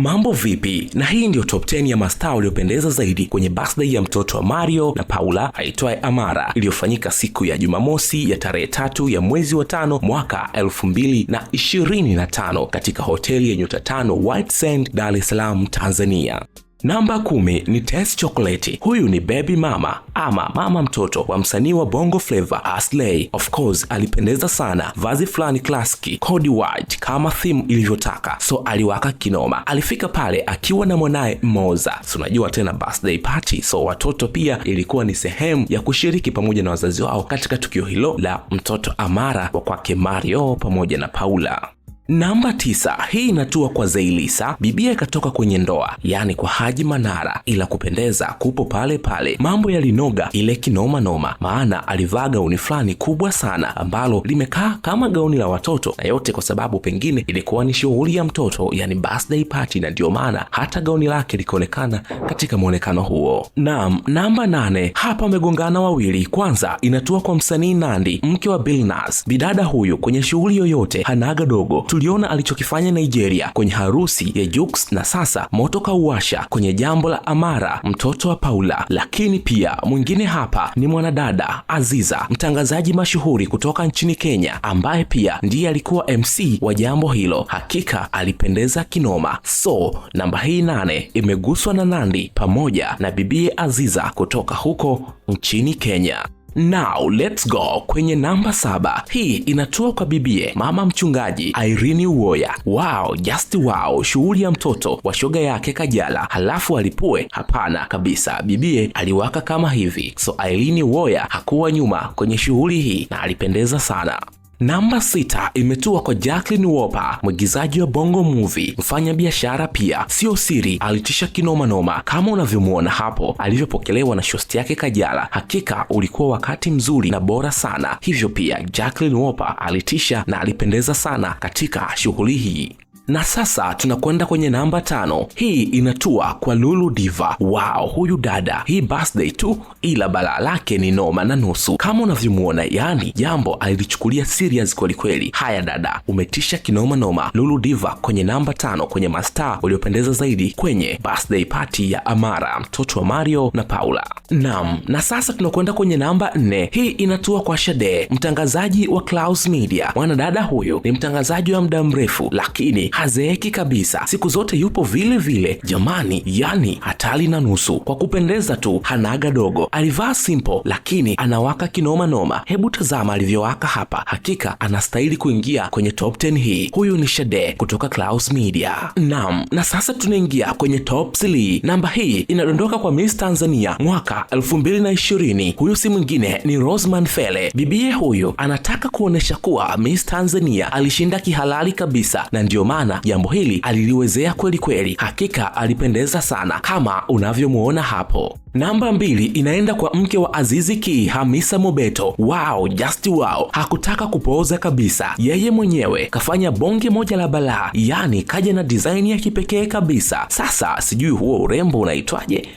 Mambo vipi? Na hii ndiyo top 10 ya mastaa waliopendeza zaidi kwenye birthday ya mtoto wa Mario na Paula aitwaye Amara iliyofanyika siku ya Jumamosi ya tarehe tatu ya mwezi wa tano mwaka elfu mbili na ishirini na tano katika hoteli ya nyota tano White Sand, Dar es Salaam, Tanzania. Namba kumi ni Tess Chocolate. Huyu ni baby mama ama mama mtoto wa msanii wa Bongo Flava Aslay. Of course alipendeza sana, vazi fulani klasiki Cody white kama theme ilivyotaka, so aliwaka kinoma. Alifika pale akiwa na mwanaye Moza, si unajua tena birthday party, so watoto pia ilikuwa ni sehemu ya kushiriki pamoja na wazazi wao katika tukio hilo la mtoto Amara wa kwake Mario pamoja na Paula. Namba tisa, hii inatua kwa Zailisa, bibia ikatoka kwenye ndoa, yaani kwa Haji Manara, ila kupendeza kupo pale pale. Mambo yalinoga ile kinoma noma, maana alivaa gauni fulani kubwa sana ambalo limekaa kama gauni la watoto, na yote kwa sababu pengine ilikuwa ni shughuli ya mtoto, yani birthday party, na ndiyo maana hata gauni lake likionekana katika mwonekano huo. Naam, namba nane, hapa amegongana wawili. Kwanza inatua kwa msanii Nandi, mke wa Billnass. Bidada huyu kwenye shughuli yoyote hanaga dogo tuliona alichokifanya Nigeria kwenye harusi ya Jux na sasa moto kauwasha kwenye jambo la Amara, mtoto wa Paula. Lakini pia mwingine hapa ni mwanadada Aziza, mtangazaji mashuhuri kutoka nchini Kenya, ambaye pia ndiye alikuwa MC wa jambo hilo. Hakika alipendeza kinoma. So namba hii nane imeguswa na Nandi pamoja na bibie Aziza kutoka huko nchini Kenya. Now let's go kwenye namba saba. Hii inatua kwa bibie mama mchungaji Irene Uwoya. Wow, just wow, shughuli ya mtoto wa shoga yake Kajala halafu alipue? Hapana kabisa, bibie aliwaka kama hivi. So Irene Uwoya hakuwa nyuma kwenye shughuli hii na alipendeza sana. Namba sita imetua kwa Jacqueline Wolper, mwigizaji wa Bongo Movie, mfanya biashara pia. Sio siri alitisha kinomanoma kama unavyomwona hapo alivyopokelewa na shosti yake Kajala. Hakika ulikuwa wakati mzuri na bora sana, hivyo pia Jacqueline Wolper alitisha na alipendeza sana katika shughuli hii. Na sasa tunakwenda kwenye namba tano. Hii inatua kwa Lulu Diva. wao huyu dada hii birthday tu, ila balaa lake ni noma na nusu kama unavyomwona, yaani jambo alilichukulia serious kwelikweli. Haya dada, umetisha kinoma noma. Lulu Diva kwenye namba tano kwenye mastaa uliopendeza zaidi kwenye birthday party ya Amara, mtoto wa Mario na Paula. nam na sasa tunakwenda kwenye namba nne. Hii inatua kwa Shade, mtangazaji wa Clouds Media. Mwanadada huyu ni mtangazaji wa muda mrefu lakini hazeeki kabisa, siku zote yupo vile vile. Jamani, yani hatari na nusu. Kwa kupendeza tu hanaga dogo, alivaa simple lakini anawaka kinoma noma. Hebu tazama alivyowaka hapa, hakika anastahili kuingia kwenye top 10 hii. Huyu ni Shade kutoka Clouds Media. Naam, na sasa tunaingia kwenye top 3. Namba hii inadondoka kwa Miss Tanzania mwaka 2020. Huyu si mwingine ni Rosman Fele. Bibie huyu anataka kuonesha kuwa Miss Tanzania alishinda kihalali kabisa na ndio maana maana jambo hili aliliwezea kweli kweli, hakika alipendeza sana kama unavyomuona hapo. Namba mbili inaenda kwa mke wa Azizi Ki, Hamisa Mobeto. Wow, just wow. Hakutaka kupooza kabisa, yeye mwenyewe kafanya bonge moja la balaa, yaani kaja na design ya kipekee kabisa. Sasa sijui huo urembo unaitwaje,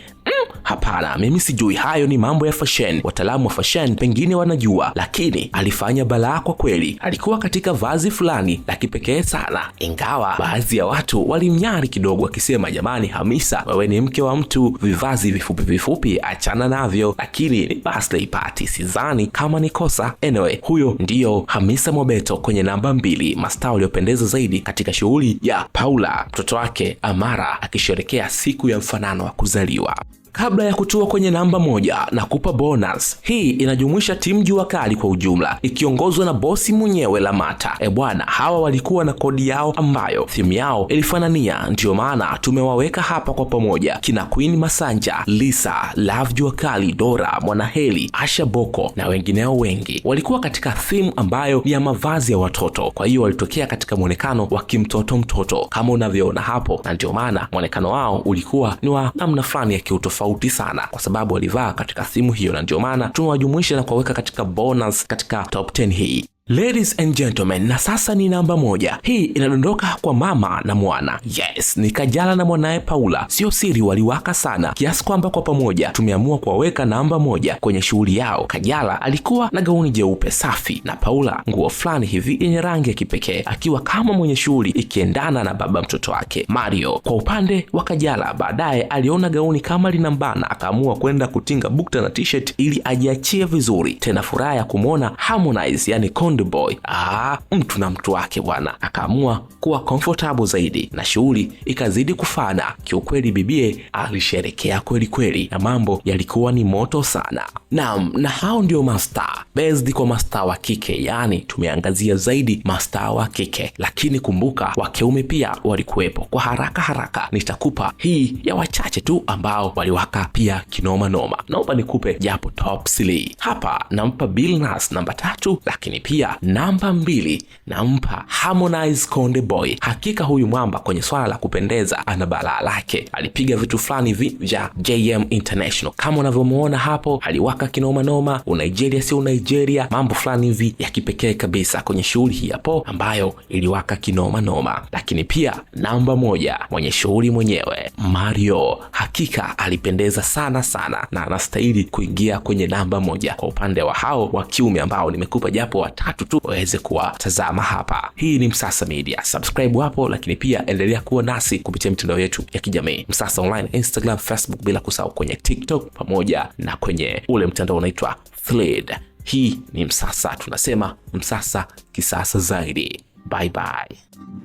Hapana, mimi sijui, hayo ni mambo ya fashion. Wataalamu wa fashion pengine wanajua, lakini alifanya balaa kwa kweli. Alikuwa katika vazi fulani la kipekee sana, ingawa baadhi ya watu walimnyari kidogo, akisema jamani, Hamisa wewe ni mke wa mtu, vivazi vifupi vifupi achana navyo. Lakini ni birthday party, sidhani kama ni kosa. Anyway, huyo ndiyo Hamisa Mobeto kwenye namba mbili, mastaa waliopendeza zaidi katika shughuli ya Paula mtoto wake Amara akisherekea siku ya mfanano wa kuzaliwa kabla ya kutua kwenye namba moja na kupa bonus. Hii inajumuisha timu jua kali kwa ujumla ikiongozwa na bosi mwenyewe Lamata. E bwana, hawa walikuwa na kodi yao ambayo thimu yao ilifanania, ndiyo maana tumewaweka hapa kwa pamoja, kina Queen Masanja, Lisa, Love jua kali, Dora Mwanaheli, Asha Boko na wengineo wengi walikuwa katika thimu ambayo ni ya mavazi ya watoto, kwa hiyo walitokea katika mwonekano wa kimtoto mtoto kama unavyoona hapo, na ndiyo maana mwonekano wao ulikuwa ni wa namna fulani ya kiutofauti tofauti sana, kwa sababu walivaa katika simu hiyo, na ndio maana tumewajumuisha na kuwaweka katika bonus katika top 10 hii. Ladies and gentlemen, na sasa ni namba moja. Hii inadondoka kwa mama na mwana. Yes, ni Kajala na mwanaye Paula. Sio siri waliwaka sana kiasi kwamba kwa pamoja tumeamua kuwaweka namba moja kwenye shughuli yao. Kajala alikuwa na gauni jeupe safi na Paula nguo fulani hivi yenye rangi ya kipekee, akiwa kama mwenye shughuli ikiendana na baba mtoto wake Mario. Kwa upande wa Kajala, baadaye aliona gauni kama linambana, akaamua kwenda kutinga bukta na t-shirt ili ajiachie vizuri. Tena furaha ya kumwona Harmonize, yani Wonderboy, Ah, mtu na mtu wake bwana, akaamua kuwa comfortable zaidi na shughuli ikazidi kufana. Kiukweli bibie alisherekea kweli kweli, na mambo yalikuwa ni moto sana. Naam, na hao ndio masta based kwa mastaa wa kike, yaani tumeangazia zaidi masta wa kike, lakini kumbuka wakeume pia walikuwepo. Kwa haraka haraka nitakupa hii ya wachache tu ambao waliwaka pia kinoma noma. Naomba nikupe japo top 3 hapa. Nampa Bill Nas namba tatu, lakini pia kuanzia namba mbili nampa Harmonize Konde Boy. Hakika huyu mwamba kwenye swala la kupendeza ana balaa lake, alipiga vitu fulani hivi vya JM International kama unavyomuona hapo, aliwaka kinoma noma, Unigeria sio Unigeria, mambo fulani hivi ya kipekee kabisa kwenye shughuli hii hapo ambayo iliwaka kinoma noma. Lakini pia namba moja, mwenye shughuli mwenyewe Mario, hakika alipendeza sana sana na anastahili kuingia kwenye namba moja kwa upande wa hao wa kiume ambao nimekupa japo watatu watatu tu waweze kuwatazama hapa. Hii ni Msasa Media, subscribe hapo, lakini pia endelea kuwa nasi kupitia mitandao yetu ya kijamii Msasa Online, Instagram, Facebook, bila kusahau kwenye TikTok pamoja na kwenye ule mtandao unaitwa Thread. Hii ni Msasa, tunasema Msasa kisasa zaidi. Bye bye.